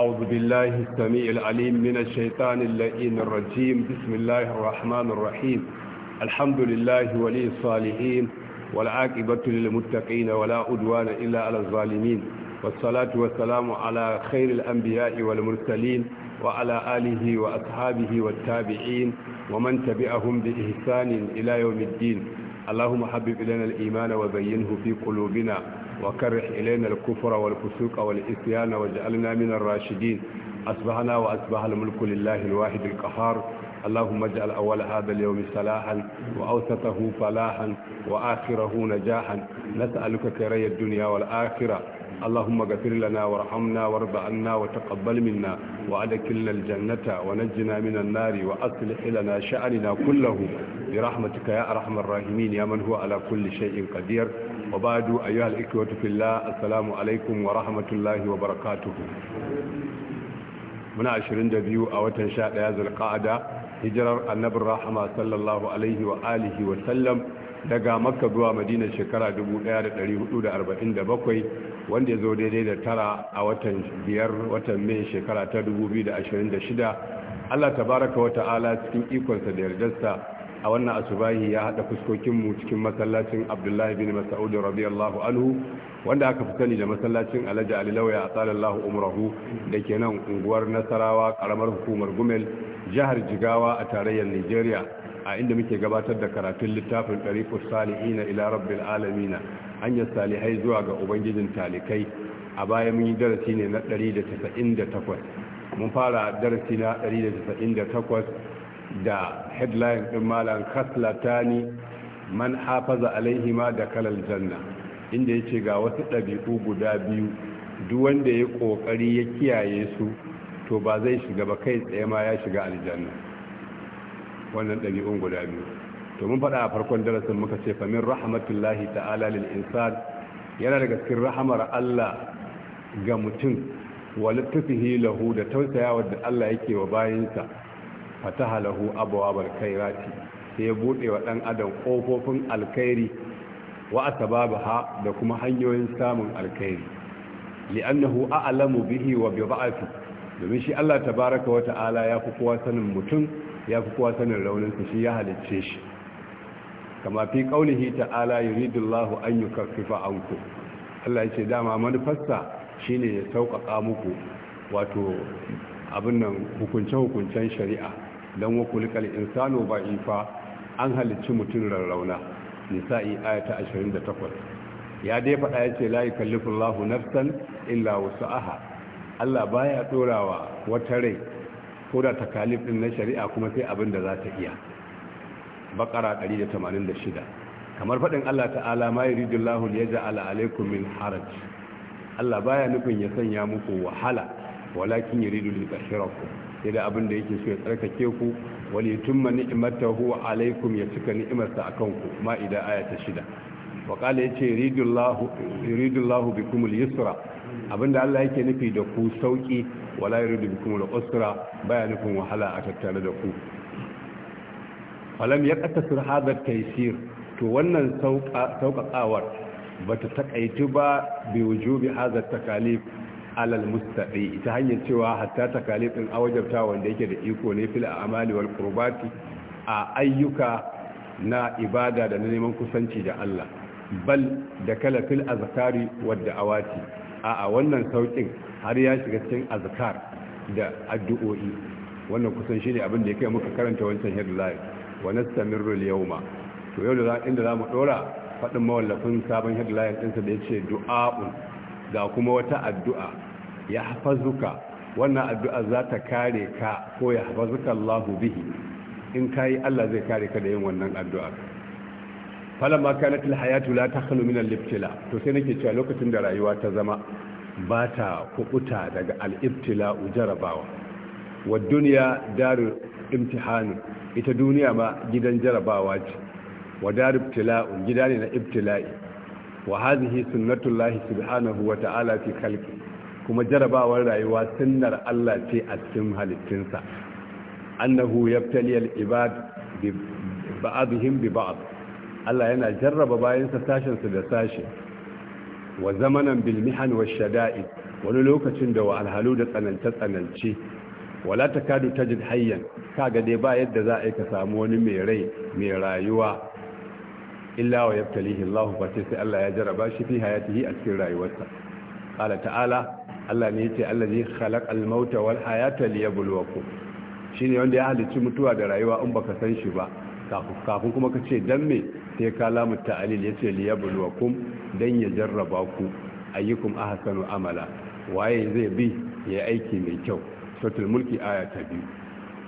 أعوذ بالله السميع العليم من الشيطان اللئين الرجيم بسم الله الرحمن الرحيم الحمد لله ولي الصالحين والعاقبة للمتقين ولا أدوان إلا على الظالمين والصلاة والسلام على خير الأنبياء والمرسلين وعلى آله وأصحابه والتابعين ومن تبعهم بإحسان إلى يوم الدين اللهم حبب إلينا الإيمان وبينه في قلوبنا وكره إلينا الكفر والفسوق والإسيان واجعلنا من الراشدين أصبحنا وأصبح الملك لله الواحد القهار اللهم اجعل أول هذا اليوم صلاحا وأوسطه فلاحا وآخره نجاحا نسألك كري الدنيا والآخرة اللهم اغفر لنا وارحمنا وارض عنا وتقبل منا وادخلنا الجنة ونجنا من النار وأصلح لنا شأننا كله برحمتك يا أرحم الراحمين يا من هو على كل شيء قدير وبعد أيها الإخوة في الله alaikum wa rahmatullahi wa وبركاته Muna عشرين دبيو أو تنشاء هذا القاعدة هجرة النبي الرحمة صلى الله عليه daga makka zuwa madina shekara 1447 wanda ya zo daidai da tara a watan biyar watan mai shekara ta 2026 allah tabaraka wata ta'ala cikin ikonsa da yardarsa a wannan asubahi ya hada fuskokinmu cikin masallacin abdullahi bin mas'ud radiyallahu anhu wanda aka fi sani da masallacin alhaji ali lauya a tsalallahu umrahu da ke nan unguwar nasarawa karamar hukumar gumel jihar jigawa a tarayyar nigeria a inda muke gabatar da karatun littafin ɗariƙus salihina ila rabbil alamina hanyar salihai zuwa ga ubangijin talikai a baya mun yi darasi ne na 198 mun fara darasi na 198 da headline ɗin malam kaslatani man hafaza alaihima da kalal janna inda ya ce ga wasu ɗabi'u guda biyu duk wanda ya ƙoƙari ya kiyaye su to ba zai shiga ba kai tsaye ma ya shiga aljanna wannan ɗabi'un guda biyu to mun faɗa a farkon darasin muka ce fa min rahmatullahi ta'ala lil insan yana daga cikin rahamar Allah ga mutum wa lutfihi lahu da tausayawa da Allah yake wa bayinsa fataha lahu abwabal kairati sai ya bude wa dan adam kofofin alkhairi wa asbabaha da kuma hanyoyin samun alkhairi li'annahu a'lamu bihi wa bi ba'ati domin shi Allah tabaaraka wa ta'ala ya fi kowa sanin mutum ya fi kowa sanin raunin shi ya halicce shi kama fi qaulihi ta'ala yuridullahu an yukaffifa anku Allah ya dama manufarsa shine ya sauƙaƙa muku wato abin nan hukunce-hukuncen shari'a dan wa kulikal insanu ba'ifa an halicci mutum rarrauna nisa'i ayata 28 ya dai faɗa ya yace la yukallifullahu nafsan illa aha. Allah baya dorawa wata rai ko da takalif din na shari'a kuma sai abin da za ta iya bakara 186 kamar faɗin Allah ta'ala ma yuridullahu ala, alaykum min haraj Allah baya nufin ya sanya muku wahala walakin yuridu li yutahhirakum sai da abin da yake so ya tsarkake ku wali tumma ni'matahu alaikum ya cika ni'imarsa a ku ma'ida aya ta shida wa kala yace ridullahu ridullahu bikum al-yusra abinda Allah yake nufi da ku sauki wala yuridu bikum al-usra baya nufin wahala a tattare da ku falam yaqtasir hadha taysir to wannan sauƙaƙawar bata takaitu ba bi wujubi hadha takalif alal mustaqi ita hanyar cewa hatta takalif din awajabta wanda yake da iko ne fil amali wal qurbati a ayyuka na ibada da neman kusanci da Allah bal da kala fil azkari wad da'awati a a wannan saukin har ya shiga cikin azkar da addu'o'i wannan kusan shine abin da yake muka karanta wancan headline wa nastamirru al yawma to yau da inda zamu dora fadin mawallafin sabon headline ɗinsa da yace du'a'un ga kuma wata addu'a ya hafazuka wannan addu'a za ta kare ka ko ya hafazuka Allahu bihi in kayi Allah zai kare ka da yin wannan addu'a falamma kanat alhayatu la ta min al to sai nake cewa lokacin da rayuwa ta zama ba ta kukuta daga al jarabawa wa dunya darul imtihan ita duniya ma gidan jarabawa ce wa darul gida ne na ibtila'i wa hadhihi sunnatullahi subhanahu wa ta'ala fi khalqi kuma jarabawar rayuwa sunnar Allah ce a cikin halittinsa annahu yabtali al-ibad bi ba'dihim bi ba'd Allah yana jarraba bayansa sashin su da sashi wa zamanan bil mihan wash shada'id wani lokacin da wa alhalu da tsanance tsananci wala takadu tajid hayyan kaga dai ba yadda za a yi ka samu wani mai rai mai rayuwa illa wa yabtalihi Allah fa sai Allah ya jaraba shi fi hayatihi a cikin rayuwarsa qala ta'ala Allah ne yace allazi khalaqal mauta wal hayata liyabluwakum shine wanda ya halicci mutuwa da rayuwa in baka san shi ba kafin kuma ka ce dan me sai ka lamu ta'alil yace liyabluwakum dan ya jarraba ku ayyukum ahsanu amala waye zai bi ya aiki mai kyau suratul mulki aya ta biyu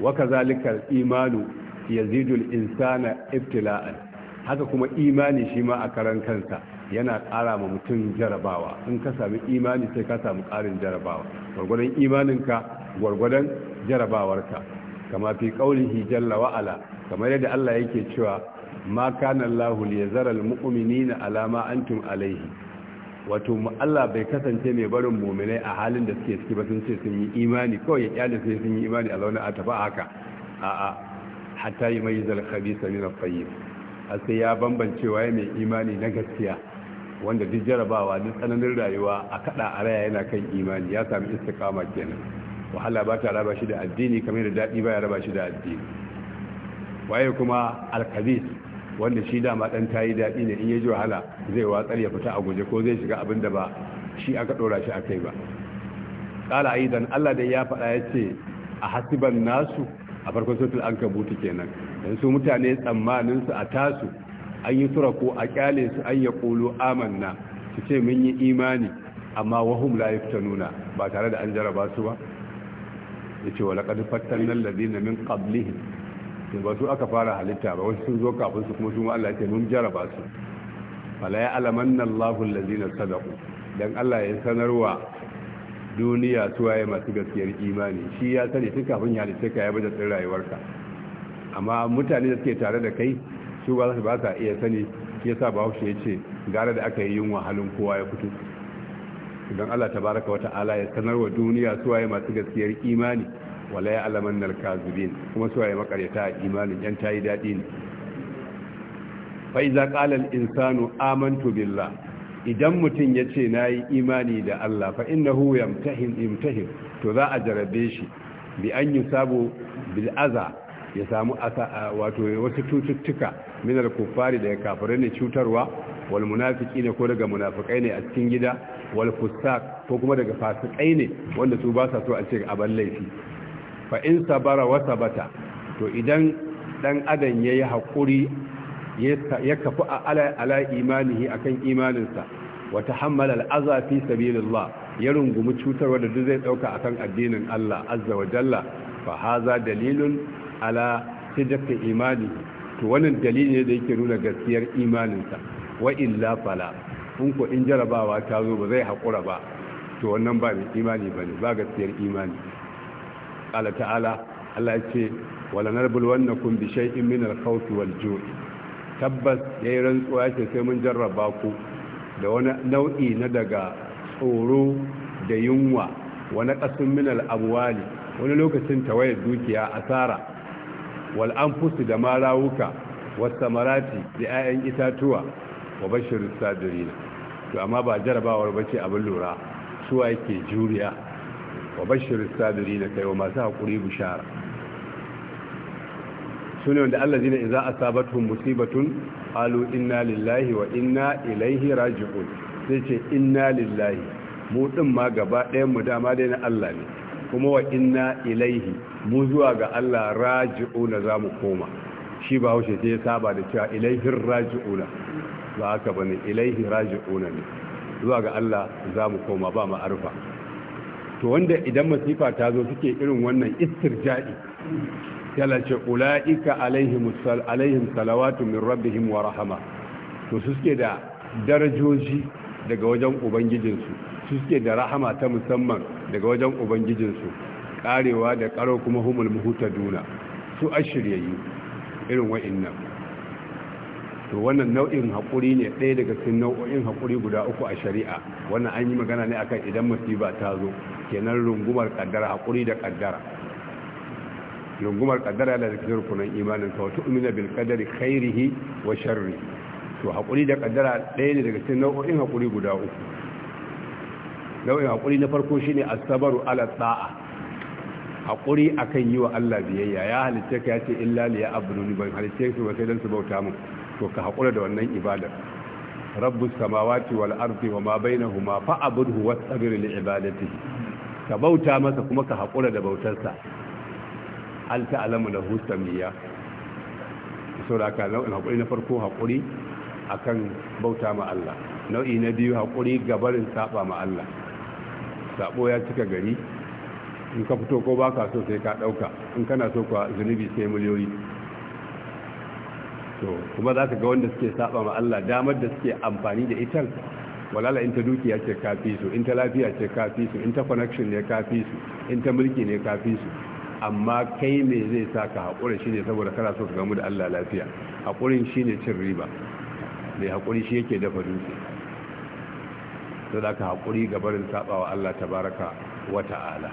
wa kadhalika al imanu yazidu al insana ibtila'an haka kuma imani shi ma a karan kansa yana ƙara ma mutum jarabawa in ka sami imani sai ka sami ƙarin jarabawa gwargwadon imaninka gwargwadon jarabawarka kama fi ƙaunihi jalla wa'ala kamar yadda Allah yake cewa ma kana Allahu liyazara almu'minina ala ma antum alaihi wato Allah bai kasance mai barin mu'minai a halin da suke ciki ba sun ce sun yi imani kawai ya kyale sai sun yi imani a launa a tafi haka a'a hatta yi mai khabisa min at-tayyib a sai ya bambance waye mai imani na gaskiya wanda duk jarabawa duk tsananin rayuwa a kada a raya yana kan imani ya sami istiqama kenan wahala ba ta raba shi da addini kamar da dadi ba ya raba shi da addini waye kuma alkabis wanda shi dama dan tayi dadi ne in ya ji wahala zai watsar ya fita a guje ko zai shiga abinda ba shi aka dora shi akai ba qala aidan Allah da ya faɗa yace a hasiban nasu a farkon suratul ankabut kenan don su mutane tsammanin su a tasu an yi tura ko a kyale su an ya kulu amanna su ce mun yi imani amma wahum la nuna ba tare da an jaraba su ba yace wa nan fattanna alladhina min qablihim ba su aka fara halitta ba wasu sun zo kafin su kuma su Allah ya ce mun jaraba su fala ya alamanna Allahu alladhina sadaqu dan Allah ya sanarwa duniya suwaye masu gaskiyar imani shi ya sani tun kafin ya halitta ka ya bada tsin rayuwarka amma mutane da suke tare da kai su ba su ba sa iya sani ya sa bahaushe ya ce gara da aka yi yin wahalin kowa ya fito don Allah baraka wa ta'ala ya sanarwa duniya suwaye masu gaskiyar imani wala ya alaman narkazubin kuma suwaye makaryata imanin yan yi daɗi ne fa iza qala insanu amantu billah idan mutum ya ce na yi imani da Allah fa innahu yamtahin imtahin to za a jarabe shi bi an yi bil bil'aza. ya samu wato wasu cututtuka minar kuffari daga kafirai ne cutarwa wal munafiki ne ko daga munafikai ne a cikin gida wal fusaq ko kuma daga fasikai ne wanda su ba sa so a ce aban laifi fa in sabara wa sabata to idan dan adam yayi hakuri ya kafu ala ala imanihi akan imaninsa wa al al'aza fi sabilillah ya rungumi cutarwa da duk zai dauka akan addinin Allah azza wa jalla fa haza dalilun ala sidqi imani to wannan dalili ne da yake nuna gaskiyar imaninsa wa illa fala in ko in jarabawa ta zo ba zai haƙura ba to wannan ba mai imani ba ba gaskiyar imani ala ta'ala Allah yake ce wala narbul wannakum bi shay'in min al-khawf wal ju' tabbas yayi rantsuwa ce sai mun jarraba ku da wani nau'i na daga tsoro da yunwa wani qasun min al wani lokacin tawayar dukiya asara wal anfusu da marawuka rawuka was samarati da 'ya'yan itatuwa wa bashirus sabirin to amma ba jarabawar bace abin lura suwa yake juriya wa bashirus sabirin kai wa masu hakuri bishara sune wanda allazina idza asabatuhum musibatun alu inna lillahi wa inna ilaihi raji'un sai ce inna lillahi mu din ma gaba ɗayan mu dama dai na Allah ne kuma wa inna ilaihi mu zuwa ga Allah raji'una za mu koma shi ba haushe sai ya saba da cewa ilaihin raji'una ba haka ba ne ilaihi raji'una ne zuwa ga Allah za mu koma ba ma'arfa to wanda idan masifa ta zo suke irin wannan istirja'i yana ce ula'ika alaihim salawatu min rabbihim wa rahama to su suke da darajoji daga wajen ubangijinsu su suke da rahama ta musamman daga wajen ubangijinsu karewa da karo kuma humul muhuta duna su yi irin nan. to wannan nau'in haƙuri ne ɗaya daga cikin nau'o'in haƙuri guda uku a shari'a wannan an yi magana ne akan idan musiba ta zo kenan rungumar kaddara haƙuri da kaddara rungumar kaddara da cikin rukunan imanin ka wato umina bil qadari khairihi wa sharri to haƙuri da kaddara ɗaya ne daga cikin nau'o'in haƙuri guda uku nau'in haƙuri na farko shine asabaru ala ta'a haƙuri akan yi wa Allah biyayya ya halitta ka yace illa li ya'buduni ban halitta su ba sai dan su bauta mu to ka haƙura da wannan ibada rabbus samawati wal ardi wama bainahuma fa'budhu wastabir li ibadatihi ka bauta masa kuma ka haƙura da bautarsa al ta'lamu lahu samiyya saboda haka nau'in haƙuri na farko haƙuri akan bauta ma Allah nau'i na biyu haƙuri gabarin saba ma Allah sabo ya cika gari in ka fito ko baka so sai ka dauka in kana so kuwa zunubi sai miliyoyi to kuma za ka ga wanda suke saba ma Allah damar da suke amfani da ita walala in ta dukiya ce kafi su in ta lafiya ce kafi su in ta connection ne kafi su in ta mulki ne kafi su amma kai me zai sa ka haƙura shi ne saboda kana so ka gamu da Allah lafiya hakurin shi cin riba mai hakuri shi yake dafa dutse to da haƙuri ga barin saɓawa Allah tabaraka wa ta'ala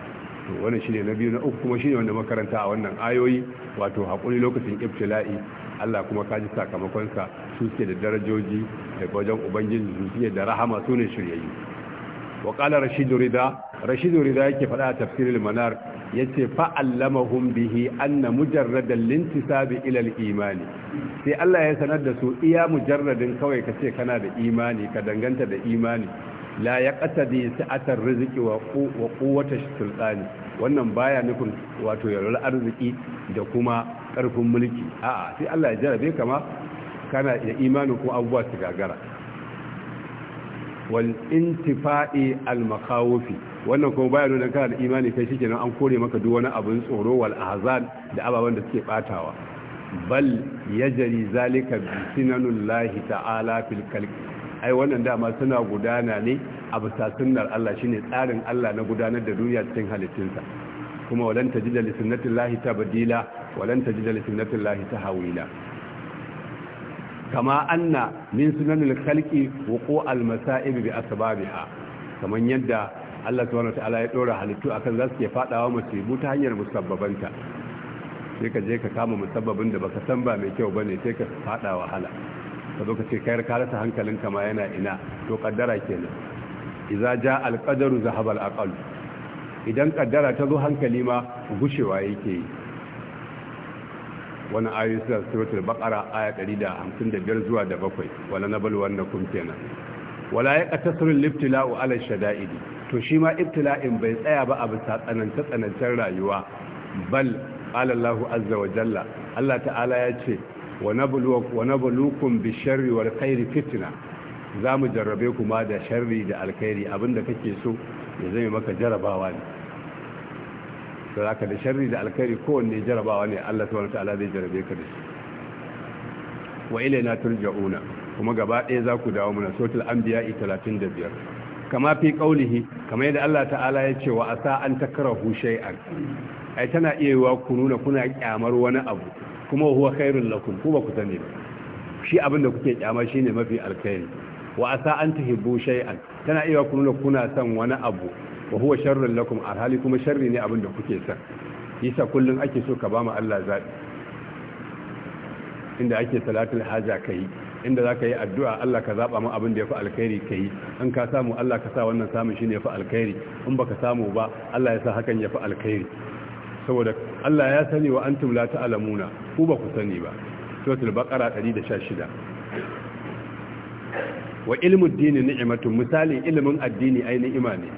to shi shine na biyu na uku kuma shine wanda makaranta a wannan ayoyi wato haƙuri lokacin ibtila'i Allah kuma ka ji sakamakonsa su suke da darajoji da wajen ubangin zuciya da rahama su ne shiryayyu wa ƙala rashidu rida rashidu rida yake faɗa a tafsirin manar ce fa'allamahum bihi na mujarradar lintisabi sabi ilal imani sai Allah ya sanar da su iya mujarradin kawai ka ce kana da imani ka danganta da imani la ya kasa da ya sa'atar riziki wa kowata sultani wannan baya nufin wato yalwar arziki da kuma karfin mulki a sai Allah ya jarabe kama kana da imanin ko abubuwa su gagara wal intifa'i al makawufi wannan kuma baya nuna kana da imani kai shikenan an kore maka duk wani abin tsoro wal ahzan da ababan da suke batawa bal yajri zalika bi sinanullahi ta'ala fil khalqi ai wannan dama suna gudana ne a bisa sunnar Allah shine tsarin Allah na gudanar da duniya cikin halittunsa kuma walan tajida ta sunnatillahi tabdila walan tajida lahi ta tahawila kama anna min sunanil khalqi wuqu' al masa'ib bi asbabiha kaman yadda Allah subhanahu wataala ya dora halittu akan zasu ke fadawa musibu ta hanyar musabbabanta sai ka je ka kama musabbabin da baka san ba mai kyau bane sai ka fada wahala ka zo ka ce kayar ka rasa hankalinka ma yana ina to kaddara kenan idza ja al qadaru zahaba aqal idan kaddara ta zo hankali ma gushewa yake yi wani ayoyi suratul baqara aya 155 zuwa da 7 wala wanda wannakum kenan wala ya qatasru liftila'u ala shada'idi to shi ma ibtila'in bai tsaya ba a bisa tsananta tsanancen rayuwa bal qala Allahu azza wa jalla Allah ta'ala ya ce Wana nabluwakum bisharri wal khairi fitna za mu jarrabe kuma da sharri da alkhairi abinda kake so ya zai maka jarabawa ne da zaka da sharri da alkhairi kowanne jarabawa ne Allah subhanahu wataala zai jarabe ka da shi wa ilaina turja'una kuma gaba ɗaya za ku dawo muna sotul anbiya 35 kama fi qaulihi kama yadda Allah ta'ala ya ce wa sa an takrahu shay'an ai tana iya yiwa ku nuna kuna kyamar wani abu kuma huwa khairul lakum ku ba ku sani ba shi abin kuke kyama shine mafi alkhairi wa asa an tuhibbu shay'an tana iya kuma kuna son wani abu wa huwa sharrul lakum alhali kuma sharri ne abin kuke son yasa kullun ake so ka ba mu Allah zabi inda ake salatul haja kai inda zaka yi addu'a Allah ka zaɓa mu abin da ya fi alkhairi ka yi in ka samu Allah ka sa wannan samun shi yafi ya alkhairi in baka samu ba Allah ya sa hakan ya fi alkhairi saboda Allah ya sani wa antum la ta'lamuna ku ba ku sani ba suratul baqara 116 wa ilmu ad-din ni'matun misali ilmin addini ai ni'ima ne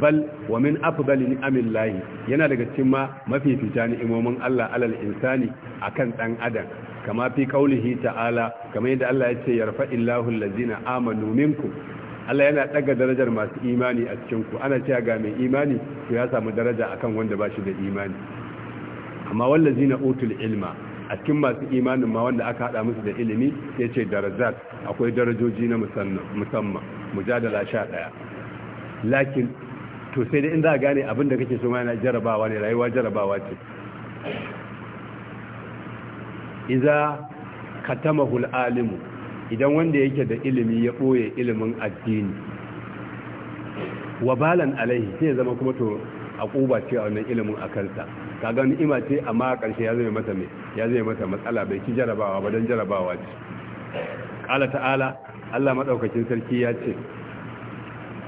bal wa min afdali ni'amil lahi yana daga cikin ma fita ni'imomin Allah alal insani akan dan adam kama fi qaulihi ta'ala kama yadda Allah ya ce yarfa illahu allazina amanu minkum Allah yana daga darajar masu imani a cikin ku ana cewa ga mai imani to ya samu daraja akan wanda ba shi da imani amma wallazina utul ilma a cikin masu imanin ma wanda aka hada musu da ilimi yace darajat akwai darajoji na musamman musamman mujadala 11 lakin to sai dai in za a gane abin da kake so ma yana jarabawa ne rayuwa jarabawa ce iza katamahu al-alimu idan wanda yake da ilimi ya ɓoye ilimin addini wabalan alaihi sai zama kuma to a ƙuba ce a wannan ilimin a kansa kaga ima ce amma a ƙarshe ya zama mata matsala bai ci jarabawa ba don jarabawa ce ƙala ta'ala Allah madaukakin sarki ya ce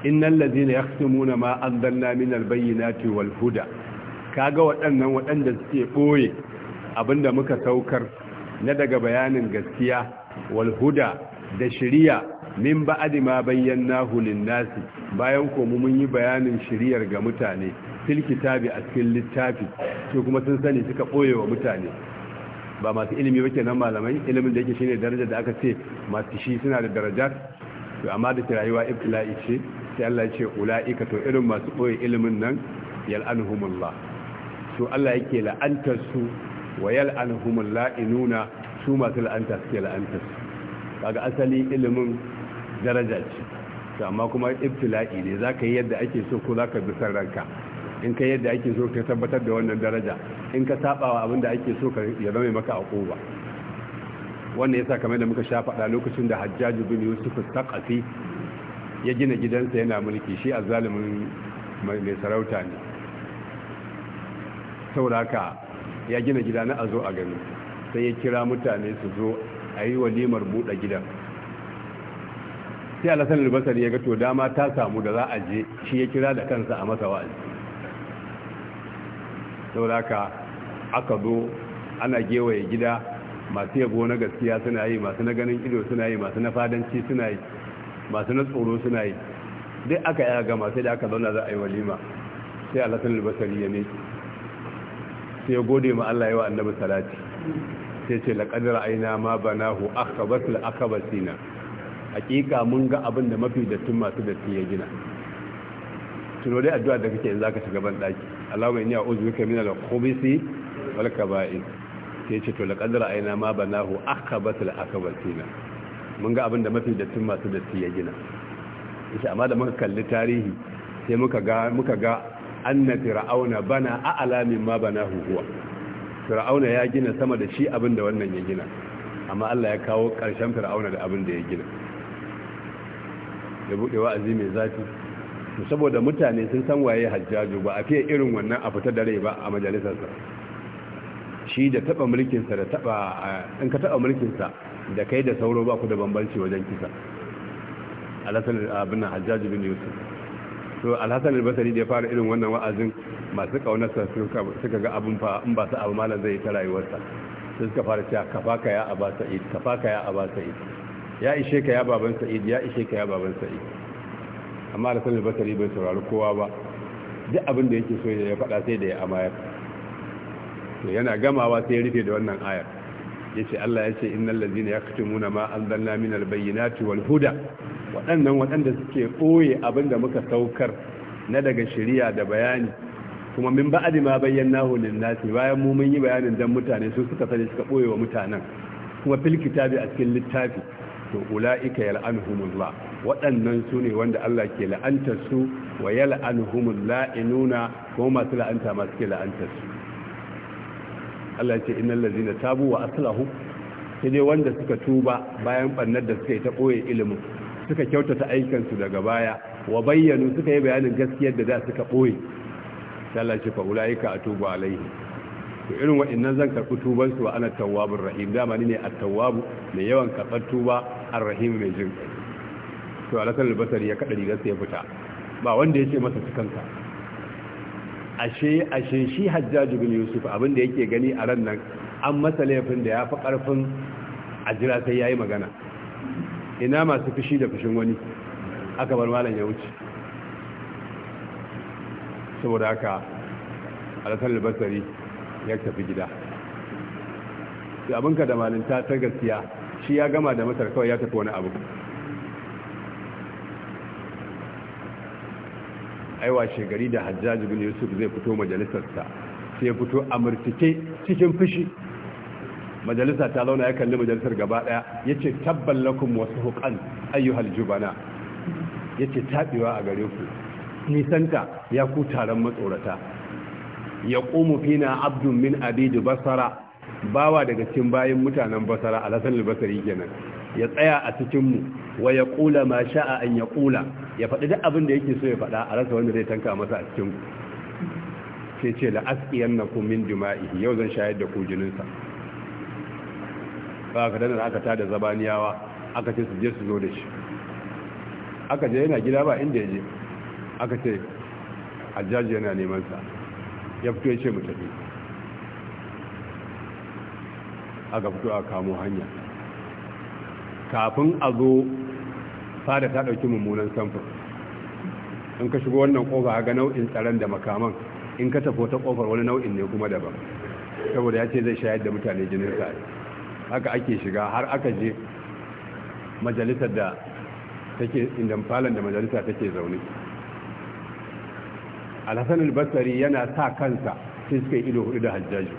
innal ladina yaqtumuna ma anzalna min albayyinati wal huda kaga waɗannan waɗanda suke ɓoye abinda muka saukar na daga bayanin gaskiya Walhuda, da shiriya min ba'adi ma bayyana lin-nasi bayan ko mun yi bayanin shiriyar ga mutane fil kitabi a cikin littafi su kuma sun sani suka boye wa mutane ba masu ilimi ba kenan malamai ilimin da yake shine darajar da aka ce masu shi suna da darajar to amma da rayuwa ibtila'i ce sai Allah ya ce ula'ika to irin masu boye ilimin nan yal'anhumullah to Allah yake la'antar su wa yal'anhumul inuna? su masu la'anta suke la'anta kaga asali ilimin daraja ce amma kuma ibtila'i ne za ka yi yadda ake so ko za ka bi san ranka in ka yadda ake so ka tabbatar da wannan daraja in ka sabawa abin da ake so ka ya zama maka a koba wannan yasa kamar da muka sha faɗa lokacin da hajjaju bin yusuf saqafi ya gina gidansa yana mulki shi azzalimin mai sarauta ne ka ya gina gida na azo a gani sai ya kira mutane su zo a yi walimar buɗe gidan sai alasan albasar ya ga to dama ta samu da za a je shi ya kira da kansa a masa wa'azi Sau ka aka zo ana gewaye gida masu yabo na gaskiya suna yi masu na ganin ido suna yi masu na fadanci suna yi masu na tsoro suna yi duk aka yi gama sai da aka zauna za a yi walima sai alasan albasari ya ne sai ya gode ma Allah yawa annabi salati sai ce laƙadar aina ma banahu akabat la'akabatina hakika mun ga abin da mafi dattun masu datti ya gina tuno dai addu'a da kake in zaka shiga ban daki Allahumma inni a'udhu bika min al-khubuthi wal kaba'ir sai ce to laƙadar aina ma banahu akabatul akabatina mun ga abin da mafi dattin masu datti ya gina yace amma da muka kalli tarihi sai muka ga muka ga annati fir'auna bana a'la mimma banahu huwa fir'auna ya gina sama da shi abin da wannan ya gina amma Allah ya kawo ƙarshen fir'auna da abin da ya gina Ya buɗe wa'azi mai zafi to saboda mutane sun san waye hajjaju ba a fiye irin wannan a fita da rai ba a majalisarsa shi da taɓa mulkinsa da taɓa in ka taɓa mulkinsa da kai da sauro ba ku da bambanci wajen kisa alhassan abin hajjaju bin yusuf to alhassan albasari da ya fara irin wannan wa'azin masu kaunarsa suka ga abin fa in ba su abu malam zai ta rayuwarsa sai suka fara cewa kafa ka ya aba sa'id ka ya aba sa'id ya ishe ka ya baban sa'id ya ishe ka ya baban sa'id amma da sanin batari bai saurari kowa ba duk abin da yake so ya faɗa sai da ya amayar to yana gamawa sai ya rufe da wannan ayar ce Allah ya yace innal ladina yaktumuna ma anzalna minal bayyinati wal huda waɗannan waɗanda suke koye abin da muka saukar na daga shari'a da bayani kuma min ba'adi ma bayyanahu lin-nasi bayan mu mun yi bayanin dan mutane su suka sani suka boye wa mutanen kuma fil kitabi a cikin littafi to ulaika yal'anuhumullah waɗannan su ne wanda Allah ke la'antar su wa yal'anuhumul la'inuna kuma masu la'anta masu ke la'antar su Allah ce innal ladzina tabu wa aslahu sai dai wanda suka tuba bayan bannar da suka yi ta ɓoye ilimin suka kyautata aikansu daga baya wa bayyanu suka yi bayanin gaskiyar da da suka ɓoye Allah ce fa ulaika atubu alaihi to irin waɗannan zan karɓi tuban su wa ana tawwabur rahim dama ni ne at-tawwabu mai yawan karɓar tuba ar-rahim mai jin kai to alakan albasari ya kada rigar sai ya fita ba wanda ya ce masa cikanka ashe ashe shi hajjaj bin yusuf abinda yake gani a ran nan an masa laifin da ya fi ƙarfin a jira sai ya yi magana ina masu fushi da fushin wani aka bar malam ya wuce saboda haka alasar basari ya tafi gida da abinka da malinta ta gaskiya shi ya gama da masar kawai ya tafi wani abu aiwa shekari da hajjaji bin yusuf zai fito majalisarsa sai ya fito a murtike cikin fushi majalisa ta launa ya kalli majalisar gaba daya ya ce tabban wasu hukan ayyuhal jubana ya ce taɓewa a gare ku nisanta ya ku taron matsorata ya ƙomu fina abdun min abidi basara bawa daga cikin bayan mutanen basara a alasan albasari kenan ya tsaya a cikinmu wa ya ƙula ma sha'a an ya ƙula ya faɗi duk abin da yake so ya faɗa a rasa wanda zai tanka masa a cikinku sai ce la'asƙiyan na kumin jima'i yau zan shayar da ku jininsa ba ka danar aka tada zabaniyawa aka ce su je su zo da shi aka je yana gida ba inda ya je aka ce hajjaji yana neman sa ya fito ya ce mu tafi aka fito a kamo hanya kafin a zo fada ta ɗauki mummunan samfur in ka shigo wannan ƙofa ga nau'in tsaron da makaman in ka tafi wata ƙofar wani nau'in ne kuma daban saboda ya ce zai shayar da mutane jinin sa haka ake shiga har aka je majalisar da take inda falon da majalisa take zaune alhassan albasari yana sa kansa sai suka yi ido hudu da hajjaji,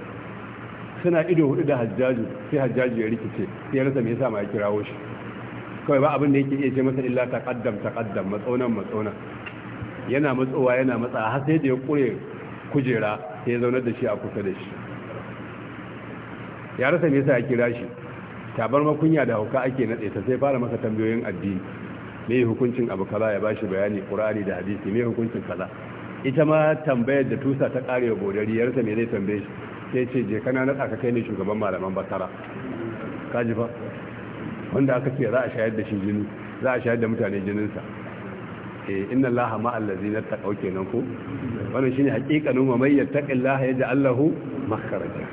suna ido hudu da hajjaji sai hajjaji ya rikice sai ya rasa me yasa ma ya kirawo shi kawai ba abin da yake iya ce masa illa ta kaddam matsaunan matsaunan yana matsowa yana matsa har sai da ya kure kujera sai ya zaunar da shi a kusa da shi ya rasa me sa ya kira shi tabar makunya da hauka ake natse ta sai fara masa tambayoyin addini me hukuncin abu kaza ya bashi bayani qur'ani da hadisi me hukuncin kaza ita ma tambayar da tusa ta kare wa godari yarsa me zai tambaye shi sai ce je kana na tsaka kai ne shugaban malaman basara kaji fa wanda aka ce za a shayar da shi jini za a shayar da mutane jininsa eh inna allaha ma allazina taqaw kenan ko wannan shine haqiqanin wa may yattaqillaha yaj'al Allahu? makhraja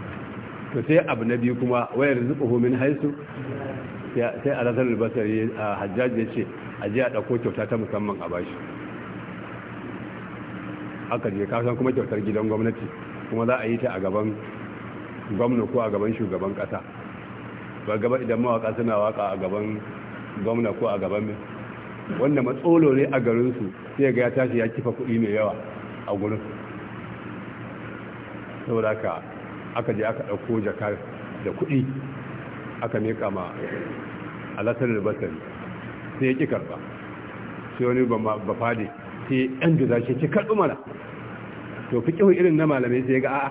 to sai abu na biyu kuma wayar rizquhu min haisu sai a razar basari hajjaji ya ce a a ɗauko kyauta ta musamman a bashi aka je kasan kuma kyautar gidan gwamnati kuma za a yi ta a gaban gwamna ko a gaban shugaban kasa ba gaba idan mawaka suna waka a gaban gwamna ko a gaban wanda matsolo ne a garinsu sai ga ya tashi ya kifa kuɗi mai yawa a gurin saboda ka aka je aka ɗauko jakar da kuɗi aka miƙa ma alasar da basari sai ya ƙi karba. sai wani ba fadi ce yan da shi ce karɓi mana to fi fiƙihun irin na malamai sai ga a'a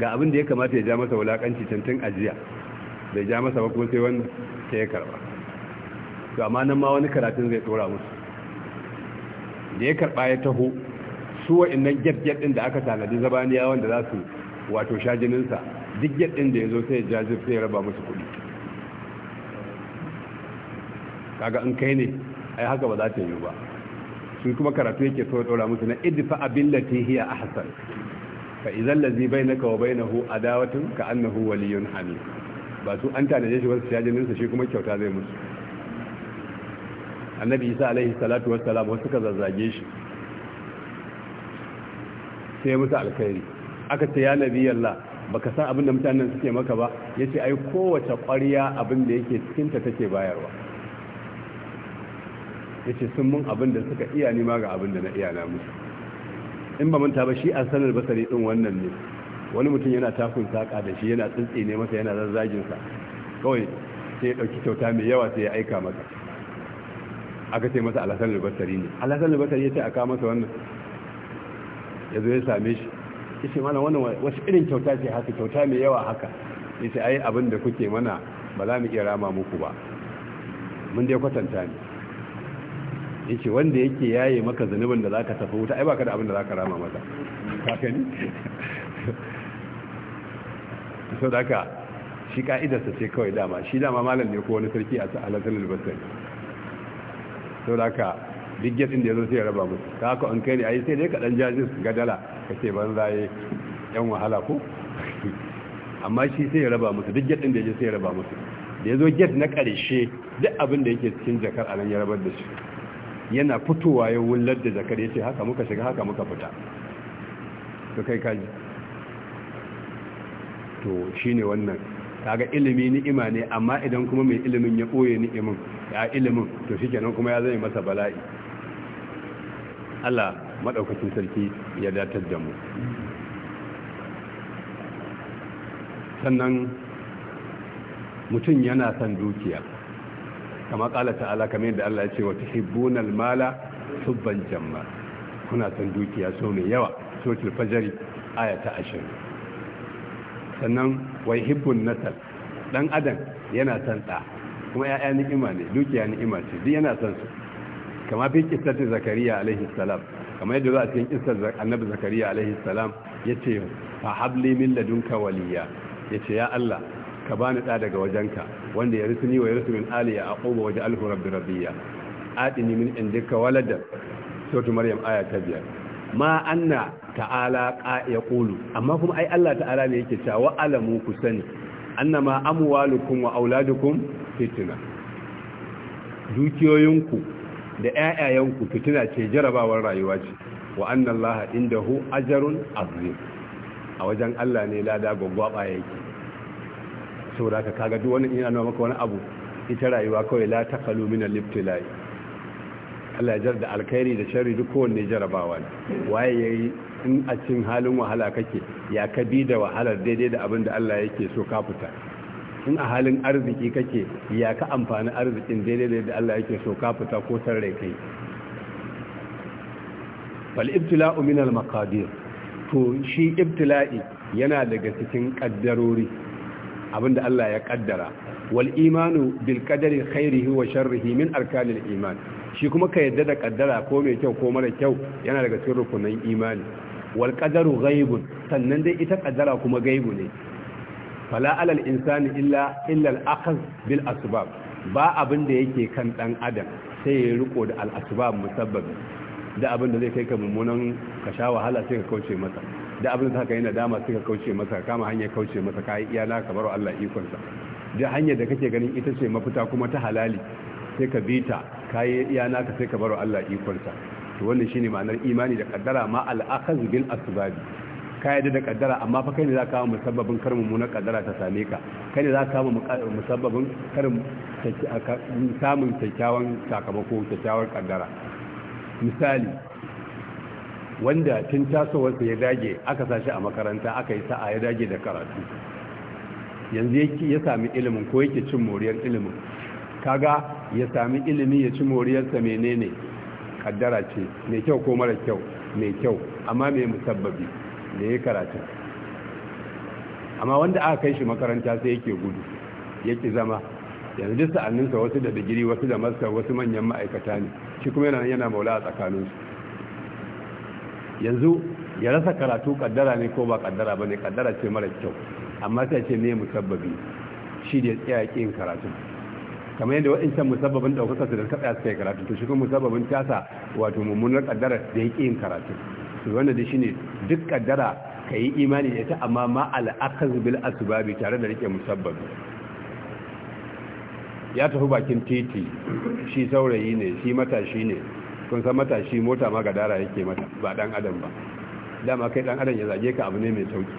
ga abin da ya kamata ya ja masa wulakanci tantin ajiya bai ja masa ba sai wani sai ya karɓa to amma nan ma wani karatun zai tsora musu da ya karɓa ya taho su wa gyat-gyat ɗin da aka tanadi zabaniya wanda za su wato sha jininsa duk gyat ɗin da ya zo sai ya jajir sai ya raba musu kuɗi kaga in kai ne ai haka ba za ta yi ba shi kuma karatu yake so ya dora musu na idfa abillati hiya ahsan fa idan lazi bainaka wa bainahu adawatun ka annahu waliyyun hamid ba su an tanaje shi wasu shajinin sa shi kuma kyauta zai musu annabi isa alaihi salatu wassalam wasu ka zazzage shi sai musu alkhairi aka ce ya nabi Allah baka san abin da mutanen suke maka ba yace ai kowace ƙwarya abin da yake cikin ta take bayarwa ya ce sun mun abin da suka iya nima ga abin da na iya na musu in ba manta ba shi an sanar basari din wannan ne wani mutum yana takun saƙa da shi yana tsintsi ne masa yana sa kawai sai ya ɗauki kyauta mai yawa sai ya aika masa aka ce masa alasan albasari ne alasan albasari ya ce aka masa wannan ya zo ya same shi ya ce mana wannan wasu irin kyauta ce haka kyauta mai yawa haka ya ce ai abin da kuke mana ba za mu iya rama muku ba mun dai kwatanta ne yace wanda yake yaye maka zanubin da zaka tafi wuta ai baka da abin da zaka rama mata haka ne so daka shi ka'idarsa ce kawai dama shi dama malam ne ko wani sarki a halattar albasar so daka duk gyatin da ya zo sai ya raba musu ta haka an kai ne a yi sai dai kaɗan jajin su gadala ka ce ban zaye yan wahala ko amma shi sai ya raba musu duk gyatin da ya je sai ya raba musu da ya zo get na ƙarshe duk abin da yake cikin jakar a nan ya rabar da shi yana fitowa ya wullar da zakar ya ce haka muka shiga haka muka fita to kai kaji to shi ne wannan kaga ilimi ni'ima ne amma idan kuma mai ilimin ya ɓoye ni'imin ya ilimin to shi kenan kuma ya zai masa bala'i Allah maɗaukacin sarki ya datar da mu sannan mutum yana son dukiya kama kala ta'ala kamar yadda Allah ya ce wa tuhibbuna al-mala subban jamma kuna son dukiya so mai yawa suratul fajr aya ta 20 sannan wa yuhibbun nasal dan adam yana son da kuma ya'ya ni'ima ne dukiya ni'ima ce duk yana son su kama fi kissar zakariya alaihi salam Kama yadda za a cikin kissar annabi zakariya alaihi salam yace fa habli min ladunka waliya yace ya Allah ka bani da daga wajenka wanda ya rusuni wa yarsu min ali ya aquba waje alhu rabbi rabbiya adini min indika walada sautu maryam aya ta biyar ma anna ta'ala qa yaqulu amma kuma ai Allah ta'ala ne yake cewa alamu ku sani annama amwalukum wa auladukum fitna dukiyoyinku da ƴaƴayenku fitina ce jarabawar rayuwa ce wa anna Allah indahu ajrun azim a wajen Allah ne lada gwaggwaba yake saboda haka kaga duk wani ina nuna maka wani abu ita rayuwa kawai la taqalu min al-ibtilai Allah ya da alkhairi da sharri duk kowanne jarabawa ne waye yayi in a cin halin wahala kake ya ka bi da wahalar daidai da abin da Allah yake so ka fita in a halin arziki kake ya ka amfani arzikin daidai da Allah yake so ka fita ko sarrai kai fal ibtila'u min al-maqadir to shi ibtila'i yana daga cikin kaddarori abinda Allah ya kaddara wal imanu bil qadari khairihi wa sharrihi min arkanil iman shi kuma ka yadda da kaddara ko mai kyau ko mara kyau yana daga cikin rukunin imani wal qadaru ghaibun sannan dai ita kaddara kuma gaibu ne fala alal insani illa illa al bil asbab ba abinda yake kan dan adam sai ya riko da al asbab musabbabi da abinda zai kai ka mummunan ka sha wahala sai ka kauce masa da abin sa ka yi dama suka kauce masa kama hanyar kauce masa ka yi iyala ka baro Allah ikonsa da hanyar da kake ganin ita ce mafita kuma ta halali sai ka bi ta ka yi iyana ka sai ka baro Allah ikonsa to wannan shine ma'anar imani da kaddara ma al-akhaz bil asbab ka da kaddara amma fa kai ne za ka kawo musabbabin kar mummunar kaddara ta same ka kai ne za ka kawo musabbabin ta samun kyakkyawan sakamako kyakkyawar kaddara misali wanda tun tasowarsa ya dage aka sashi a makaranta aka yi sa'a ya dage da karatu yanzu ya sami ilimin ko yake cin moriyar ilimin kaga ya sami ilimi ya ci moriyarsa menene kaddara ce mai kyau ko mara kyau mai kyau amma mai musabbabi da ya karatu amma wanda aka kai shi makaranta sai yake gudu yake zama yanzu duk sa'anninsa wasu da digiri wasu da masar wasu manyan ma'aikata ne shi kuma yana yana maula a tsakaninsu yanzu ya rasa karatu kaddara ne ko ba kaddara ba ne kaddara ce mara kyau amma sai ce ne musabbabi shi da ya tsaya ƙin karatu kamar yadda waɗancan musabbabin ɗaukaka su da suka tsaya kai karatu to shi kuma musabbabin tasa wato mummunar kaddara da ya ƙin karatu to wanda da shi ne duk kaddara ka yi imani da ita amma ma al'akaz bil Asubabi tare da rike musabbabi ya tafi bakin titi shi saurayi ne shi matashi ne kun san matashi mota ma gadara yake mata ba dan adam ba dama kai dan adam ya zage ka abu ne mai sauki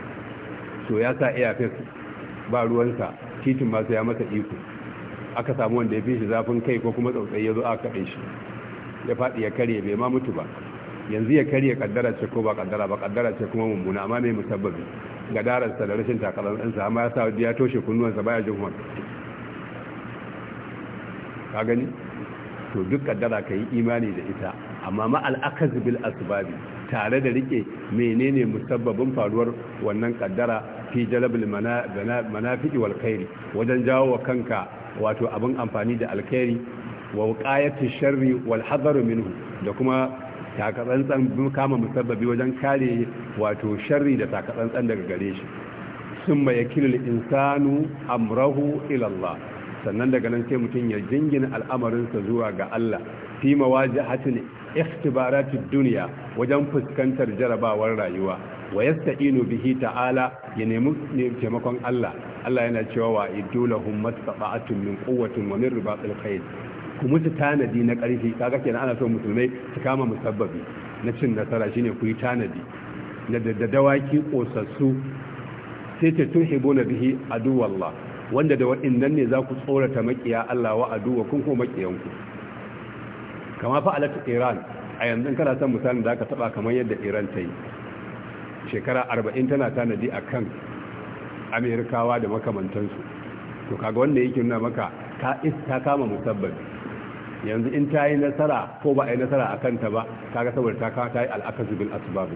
so ya sa airfix ba ruwansa titin ma sai ya masa iko aka samu wanda ya fi shi zafin kai ko kuma tsautsai ya zo aka kaɗe shi ya faɗi ya karye bai ma mutu ba yanzu ya karye kaddara ce ko ba kaddara ba kaddara ce kuma mummuna amma mai musabbabi gadararsa da rashin takalar ɗansa amma ya sa ya toshe kunnuwansa baya jin wani ka gani to duk kaddara ka yi imani da ita amma ma al'akaz bil asbabi tare da rike menene musabbabin faruwar wannan kaddara fi jalabul manafi'i wal khairi wajen jawo wa kanka wato abin amfani da alkhairi wa wuqayatu sharri wal hadaru minhu da kuma takatsantsan kama musabbabi wajen kare wato sharri da takatsantsan daga gare shi sun yakilu al insanu amrahu ila Allah sannan daga nan sai mutum ya jingina al'amarinsa zuwa ga Allah fi mawajihatil ikhtibaratid dunya wajen fuskantar jarabawar rayuwa wa yasta'inu bihi ta'ala ya nemi taimakon Allah Allah yana cewa wa idulahum mastata'atun min quwwatin wa min ribatil khayl ku musu tanadi na karfi kaga kenan ana so musulmai su kama musabbabi na cin nasara shine ku yi tanadi da dawaki kosassu sai ta tuhibuna bihi aduwallah wanda da waɗannan ne za ku tsorata makiya Allah wa aduwa kun ko makiyanku kama fa alatu Iran a yanzu kana san misalin da aka taba kamar yadda Iran ta yi shekara 40 tana tanadi akan Amerikawa da makamantansu to kaga wanda yake nuna maka ta ta kama musabbabi yanzu in ta yi nasara ko ba a yi nasara a kanta ba kaga saboda ta ta yi al'akasu bil asbabu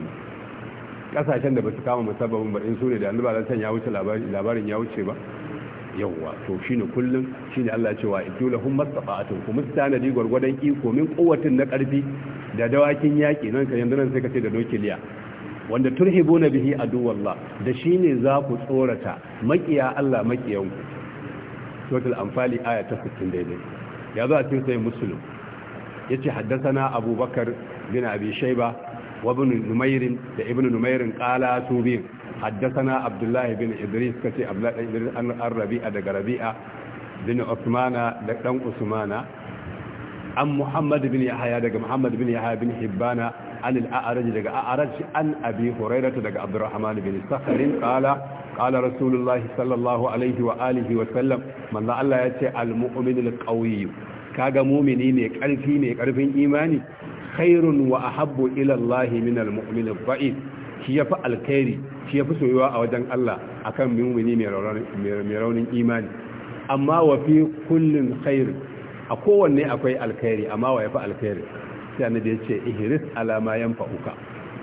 kasashen da ba su kama musabbabin ba in su ne da annabawan ya wuce labarin ya wuce ba yawwa to shine kullum shine Allah cewa idulahum mastata'atun kuma tanadi gurgurdan iko min kuwatin na karfi da dawakin yaki nan kan yanzu nan sai ka ce da nukiliya wanda turhibuna bihi aduwallah da shine za ku tsorata makiya Allah makiyan suratul anfali aya ta 60 daidai ya zo a cikin sai muslim yace haddathana abubakar bin abi shayba wa ibn numairin da ibn numairin qala subin حدثنا عبد الله بن ادريس كتي عبد الله بن ادريس ان الربيع ده ربيع بن عثمان ده دان عثمان ام محمد بن يحيى ده محمد بن يحيى بن حبان عن الاعرج ده اعرج عن ابي هريره ده عبد الرحمن بن سخر قال قال رسول الله صلى الله عليه واله وسلم من لا الله يتي المؤمن القوي kaga mumini ne karfi ne karfin imani khairun wa ahabbu ila Allah min al-mu'min dhaif shi ya fi alkhairi shi ya fi soyuwa a wajen Allah a kan mummuni mai raunin imani amma wa fi kullum khairi a kowanne akwai alkhairi amma wa ya fi alkhairi sai da ya ce ihiris alama yan fa'uka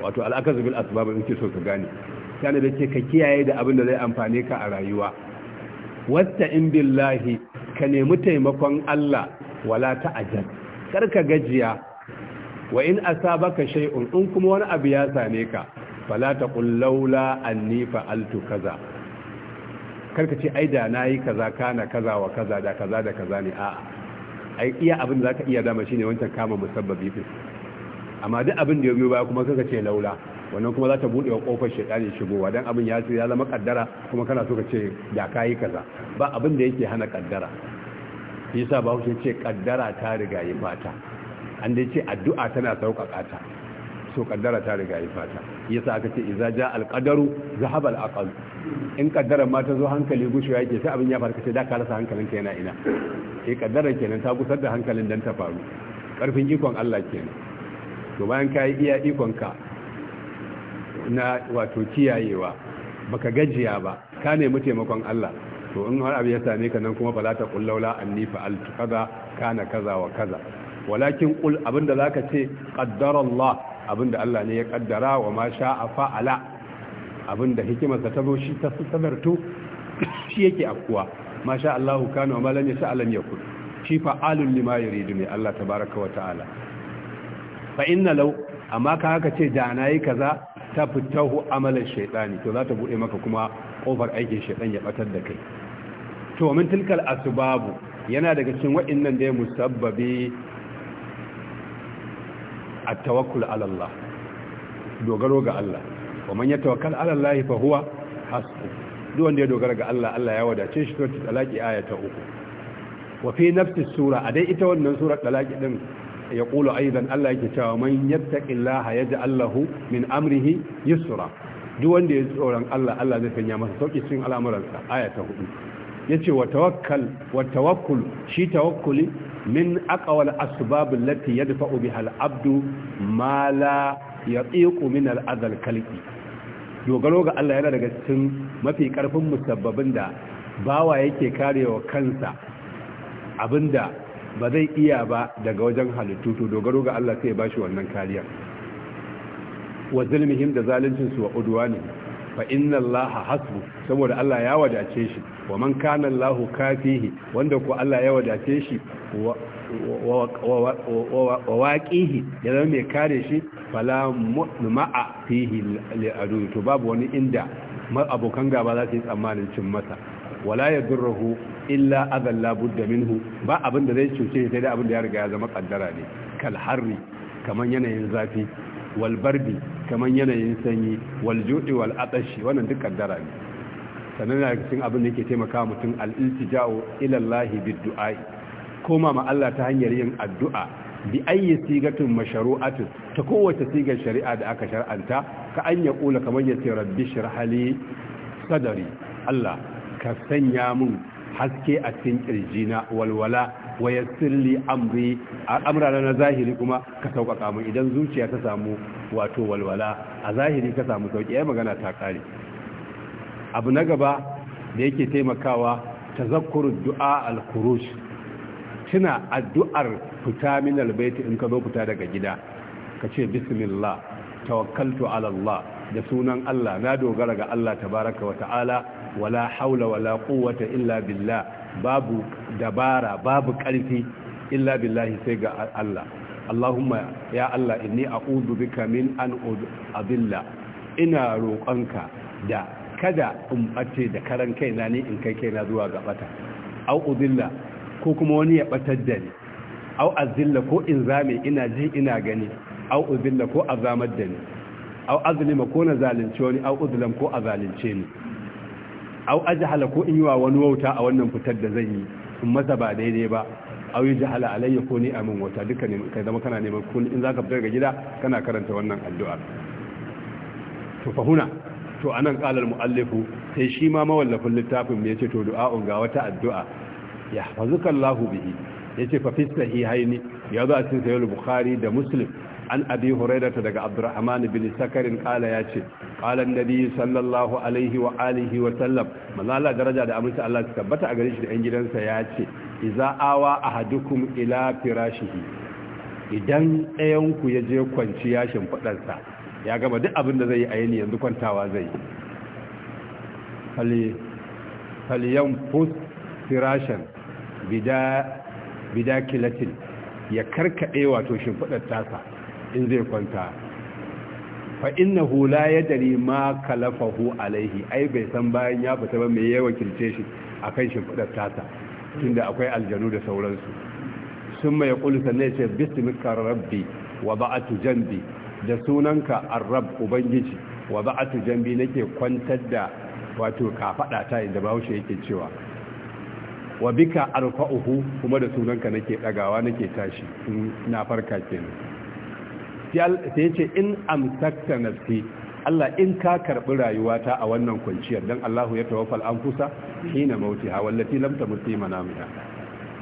wato al’akar bil asibaba in ke so ka gane sai annabi ya ce ka kiyaye da abin da zai amfane ka a rayuwa Wata in billahi ka nemi taimakon Allah wala ta kar ka gajiya wa in asabaka shay'un in kuma wani abu ya same ka fala taqul laula anni fa'altu kaza karka ce ai da nayi kaza kana kaza wa kaza da kaza da kaza ne a'a ai iya abin da zaka iya dama shine wancan kama musabbabi din amma duk abin da ya biyo baya kuma ka ce laula wannan kuma za ta buɗe wa ƙofar shaitani shigowa dan abin ya ya zama kaddara kuma kana so ka ce da ka yi kaza ba abin da yake hana kaddara yasa ba ku ce kaddara ta riga yi fata an dai ce addu'a tana sauƙaƙa ta so kaddara ta riga yi fata yasa aka ce idza ja alqadaru zahaba alaqal in kaddara ma ta zo hankali gushewa yake sai abin ya farka sai da ka rasa hankalinka yana ina sai eh, kaddara kenan ta gusar da hankalin dan ta faru karfin ikon Allah kenan to bayan kai iya ikon ka na wato kiyayewa baka gajiya ba ka nemi taimakon Allah to in har abu ya same ka nan kuma ba za ta kullaula anni fa'altu kaza kana kaza wa kaza walakin qul abinda zaka ce qaddara Allah abinda Allah ne ya kaddara wa ma sha'a fa'ala abinda hikimarsa ta zo shi ta sadarto shi yake afkuwa ma sha Allah kana wa ma lam yasha lam yakun shi fa'alun lima yuridu ne Allah tabaaraka wa ta'ala fa inna law amma ka haka ce da yi kaza ta fitahu amalan shaytani to za ta bude maka kuma kofar aikin shaytan ya batar da kai to min tilkal asbabu yana daga cikin waɗannan da ya musabbabi at-tawakkul ala dogaro ga Allah wa man yatawakkal ala fa huwa hasbu duk ya dogara ga Allah Allah ya wadace shi suratul talaqi aya ta 3 wa fi nafsi sura a dai ita wannan surar talaqi din ya kulu aidan Allah yake cewa man yattaqillaha yaj'al Allahu, min amrihi yusra duk wanda ya tsoron Allah Allah zai sanya masa sauki cikin al'amuransa aya ta 4 yace wa wa tawakkul shi tawakkuli min aqwal asbab allati yadfa'u biha al-abdu ma la yaqiqu min al-adhal dogaro ga Allah yana daga cikin mafi karfin musabbabin da bawa yake karewa kansa abinda ba zai iya ba daga wajen halittu to dogaro ga Allah sai ya bashi wannan kariya wa zulmihim da zaluncin su wa udwani fa inna Allah hasbu saboda Allah ya wadace shi wa man kana Allah kafihi wanda ko Allah ya wadace shi wa waqihi ya zama mai kare shi fala ma'a fihi adu to babu wani inda abokan gaba za su yi tsammanin cin masa wala yadurruhu illa adhan la budda minhu ba abinda da zai cuce sai da abin da ya riga ya zama kaddara ne kal harri kaman yanayin zafi wal bardi kaman yanayin sanyi wal ju'i wal atashi wannan duk kaddara ne sannan na cikin abin da yake taimaka mutum al-iltija'u ila Allah bid koma ma Allah ta hanyar yin addu'a bi ayyi sigatin mashru'atin ta kowace sigar shari'a da aka shar'anta ka an ya kula kamar yace rabbi Bishiyar hali. sadri Allah ka sanya mun haske a cikin kirjina walwala wa yassir li amri amrana na zahiri kuma ka sauƙaƙa mun idan zuciya ta samu wato walwala a zahiri ka samu sauƙi ai magana ta kare abu na gaba da yake taimakawa ta zakkuru du'a al-khuruj tuna addu'ar fita min albayti in ka zo fita daga gida kace bismillah tawakkaltu ala Allah da sunan Allah na dogara ga Allah tabaraka wa ta'ala wala haula wala quwwata illa billah babu dabara babu karfi illa billahi sai ga Allah Allahumma ya Allah inni a'udhu bika min an adilla ina roƙonka da kada in bace da karan kaina ne in kai kaina zuwa ga bata au udilla ko kuma wani ya batar da ni au azilla ko in zame ina ji ina gani au udilla ko azamar da ni au azlima ko na zalunce wani au udlam ko a zalunce ni au ajhala ko in yi wa wani wauta a wannan fitar da zan yi in masa ba daidai ba au yi jahala alayya ko ni amin wata duka ne kai zama kana neman kun in zaka fitar ga gida kana karanta wannan addu'a to fa huna to anan qalal muallifu sai shi ma mawallafin littafin ya ce to du'a'un ga wata addu'a ya fazukallahu bihi yace fa fi sahihaini ya za a cikin bukhari da muslim an abi hurairata daga abdurrahman bin sakarin kala ya ce kalan nabi sallallahu alaihi wa alihi wa sallam daraja da aminci Allah ta tabbata a gare shi da yan gidansa ya ce iza awa ahadukum ila firashihi idan ɗayan ku ya je kwanciya fadarsa ya gama duk abin da zai yi a yini yanzu kwantawa zai yi faliyan fus bida kilatin ya karkaɗe wato shimfiɗar tasa in zai kwanta fa inna hula ya dari ma kalafahu alaihi ai bai san bayan ya fita ba mai yawa kirce shi a kan shimfiɗar tasa tunda akwai aljanu da sauransu sun mai kulisa sannan ya ce bismika rabbi wa ba'atu jambi da sunanka arab ubangiji wa ba'atu jambi nake kwantar da wato kafada ta inda bahaushe yake cewa wa bika arfa'uhu kuma da sunanka nake dagawa nake tashi na farka kenan sai yace in amsakta nafsi Allah in ka karbi rayuwata a wannan kwanciyar dan Allahu ya tawaffal anfusa hina mautiha wallati lam tamut fi manamiha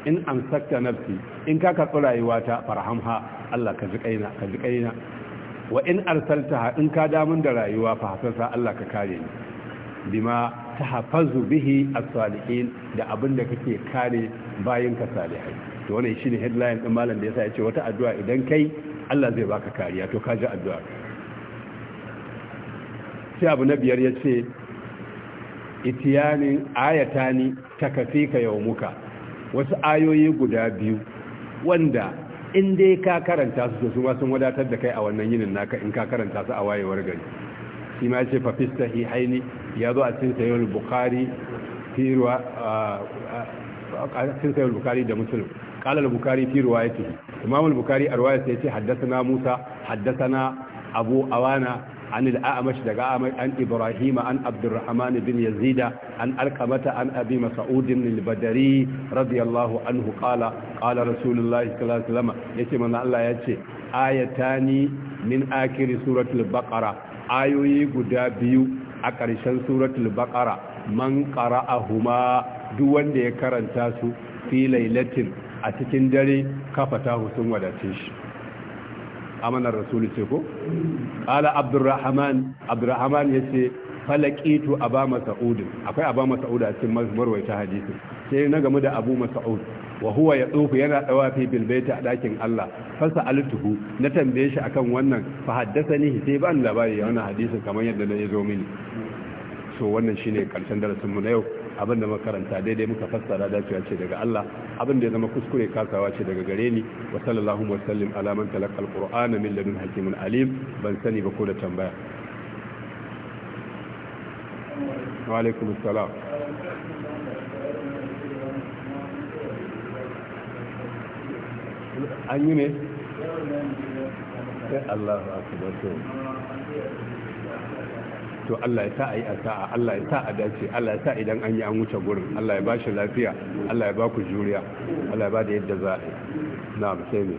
in amsakta nafsi in ka karbi rayuwata farhamha Allah ka ji kaina ka ji kaina wa in haɗin in ka damun da rayuwa fa hasasa Allah ka kare ni bima tahfazu bihi as-salihin da abin da kake kare bayin ka salihai to wannan shine headline din malam da yasa yace wata addu'a idan kai Allah zai baka kariya to kaji addu'a sai abu na biyar yace itiyani ayatani takafika yawmuka wasu ayoyi guda biyu wanda in dai ka karanta su su ma sun wadatar da kai a wannan yinin naka in ka karanta su a wayewar gari shi ma ce fafista haini ya zo a cikin sayar bukari firwa a cikin sayar bukari da musulun قال البخاري في روايته ya ce haddasa na Musa, haddasa na. abu awana an al'amash daga an ibrahim an abdurrahman bin yazida an alqamata an abi mas'ud al-badri radiyallahu anhu qala qala rasulullahi sallallahu alaihi wasallam yace manzo Allah yace ayatani min akhir suratul baqara ayoyi guda biyu a ƙarshen suratul baqara man qara'ahuma duk wanda ya karanta su fi lailatin a cikin dare kafata sun wadace shi amanar rasulu ce ko qala abdurrahman abdurrahman yace falaqitu aba mas'ud akwai aba mas'ud a cikin ta hadisi sai na game da abu mas'ud wa huwa tsufa yana tsawa bil baiti a dakin Allah Fasa sa'altuhu na tambaye shi akan wannan fa haddasa ni sai ban labari wannan hadisin kamar yadda na yazo mini so wannan shine karshen darasin mu na yau abin da makaranta daidai muka fassara dacewa ce daga Allah abin da ya zama kuskure kasawa ce daga gare ni wa sallallahu wa sallim alaman man talaqa alqur'ana min ladun hakimin alim ban sani ba ko da tambaya wa alaikum assalam an yi ne sai Allahu akbar to Allah ya sa a yi asa'a Allah ya sa a dace Allah ya sa idan an yi an wuce gurin Allah ya ba shi lafiya Allah ya ba ku juriya Allah ya ba da yadda za a yi na sai ne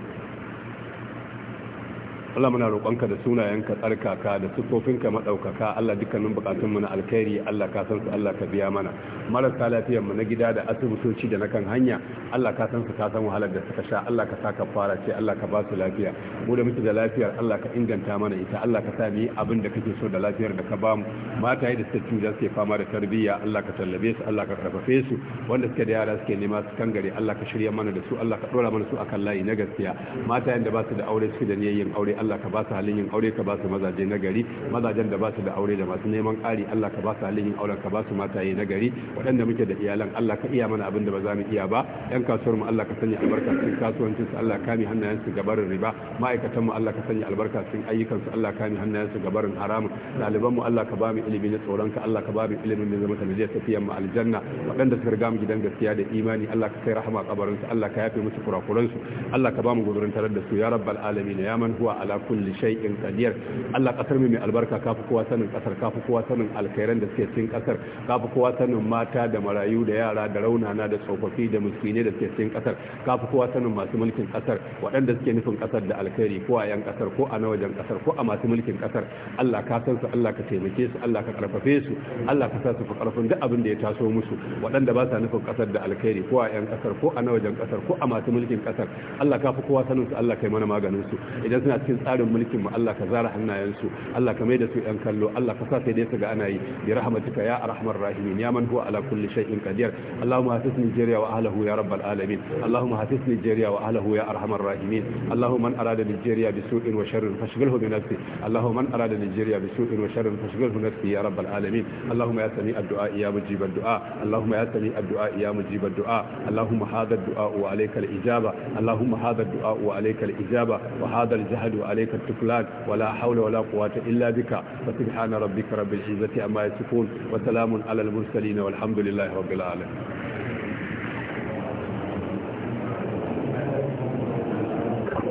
Allah muna roƙonka da sunayenka tsarkaka da siffofinka madaukaka Allah dukkanin bukatun mu na alkhairi Allah ka san su Allah ka biya mana marasa lafiyar mu na gida da asibitoci da na kan hanya Allah ka san su ka san wahalar da suka sha Allah ka saka fara ce Allah ka ba su lafiya mu da muke da lafiyar Allah ka inganta mana ita Allah ka sa mu abin da kake so da lafiyar da ka ba mu mata da suke cuta suke fama da tarbiyya Allah ka tallabe su Allah ka karfafe su wanda suke da yara suke nema su kangare Allah ka shirya mana da su Allah ka dora mana su akan layi na gaskiya mata da ba su da aure suke da niyyar aure Allah ka ba su halin yin aure ka ba su mazaje na gari mazajen da ba su da aure da masu neman ƙari Allah ka ba su halin yin auren ka ba su mataye na gari waɗanda muke da iyalan Allah ka iya mana abin da ba za mu iya ba ɗan kasuwar mu Allah ka sanya albarka cikin kasuwancin su Allah kame hannayen su gabarin riba ma'aikatan mu Allah ka sanya albarka cikin ayyukan su Allah kame hannayen su gabarin haramun ɗaliban mu Allah ka ba mu ilimi na tsoron ka Allah ka ba mu ilimin da zama sanadiyar tafiyan mu aljanna waɗanda suka riga mu gidan gaskiya da imani Allah ka kai rahama kabarin su Allah ka yafe musu kurakuran su Allah ka ba mu gudurin tarar da su ya rabbal alamin ya man huwa ala ala kulli shay'in qadir Allah kasar mai albarka kafi kowa sanin kasar kafi kowa sanin alkhairan da suke cikin kasar kafi kowa sanin mata da marayu da yara da raunana da tsofaffi da miskine da suke cikin kasar kafi kowa sanin masu mulkin kasar waɗanda suke nufin kasar da alkhairi ko a yan kasar ko a na wajen kasar ko a masu mulkin kasar Allah ka san su Allah ka taimake su Allah ka karfafe su Allah ka sa su fi karfin duk abin da ya taso musu waɗanda ba sa nufin kasar da alkhairi ko a yan kasar ko a na wajen kasar ko a masu mulkin kasar Allah ka fi kowa sanin su Allah kai mana maganin su idan suna cikin tsarin mulkin mu Allah ka zara hannayensu Allah ka mai da su yan kallo Allah ka sa sai dai su ga ana yi bi rahmatika ya arhamar rahimin ya man huwa ala kulli shay'in qadir Allahumma hafiz Nigeria wa ahlihi ya rabbal alamin Allahumma hafiz Nigeria wa ahlihi ya arhamar rahimin Allahumma man arada Nigeria bi su'in wa sharrin fashghilhu bi nafsi Allahumma man arada Nigeria bi su'in wa sharrin fashghilhu bi nafsi ya rabbal alamin Allahumma ya sami addu'a ya mujib addu'a Allahumma ya sami addu'a ya mujib addu'a Allahumma hadha du'a wa alayka al-ijaba Allahumma hadha du'a wa alayka al-ijaba wa hadha al-jahd wa عليك التكلات ولا حول ولا قوة إلا بك فسبحان ربك رب العزة أما يسكون وسلام على المرسلين والحمد لله رب العالمين